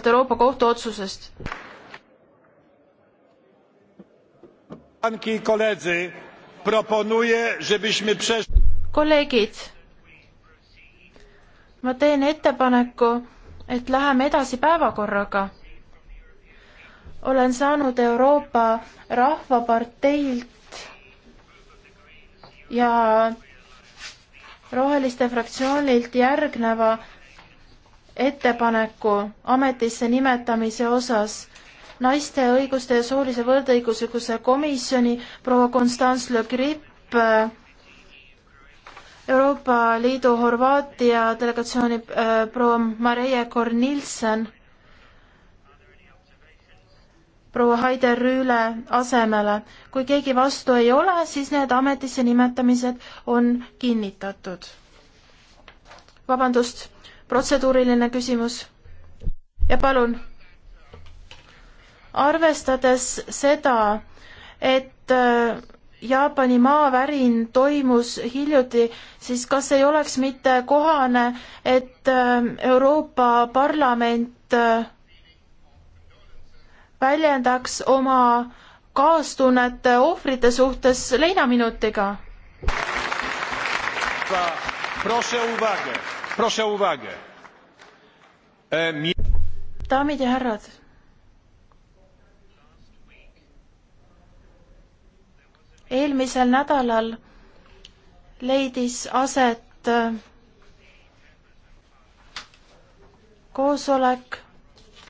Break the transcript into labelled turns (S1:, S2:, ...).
S1: tulenevalt Euroopa Kohtu otsusest. kolleegid, ma teen ettepaneku, et läheme edasi päevakorraga. olen saanud Euroopa Rahvaparteilt ja Roheliste fraktsioonilt järgneva ettepaneku ametisse nimetamise osas naiste õiguste ja soolise võrdõiguslikkuse komisjoni proua Konstantz Le Grip, äh, Euroopa Liidu Horvaatia delegatsiooni äh, proua Mareje Kornilsen proua Haide Rüüle asemele. kui keegi vastu ei ole, siis need ametisse nimetamised on kinnitatud. vabandust protseduuriline küsimus. ja palun. arvestades seda, et äh, Jaapani maavärin toimus hiljuti, siis kas ei oleks mitte kohane, et äh, Euroopa Parlament äh, väljendaks oma kaastunnet ohvrite suhtes leinaminutiga? proszę o uwagę, proszę o uwagę. E, daamid ja härrad. eelmisel nädalal leidis aset äh, koosolek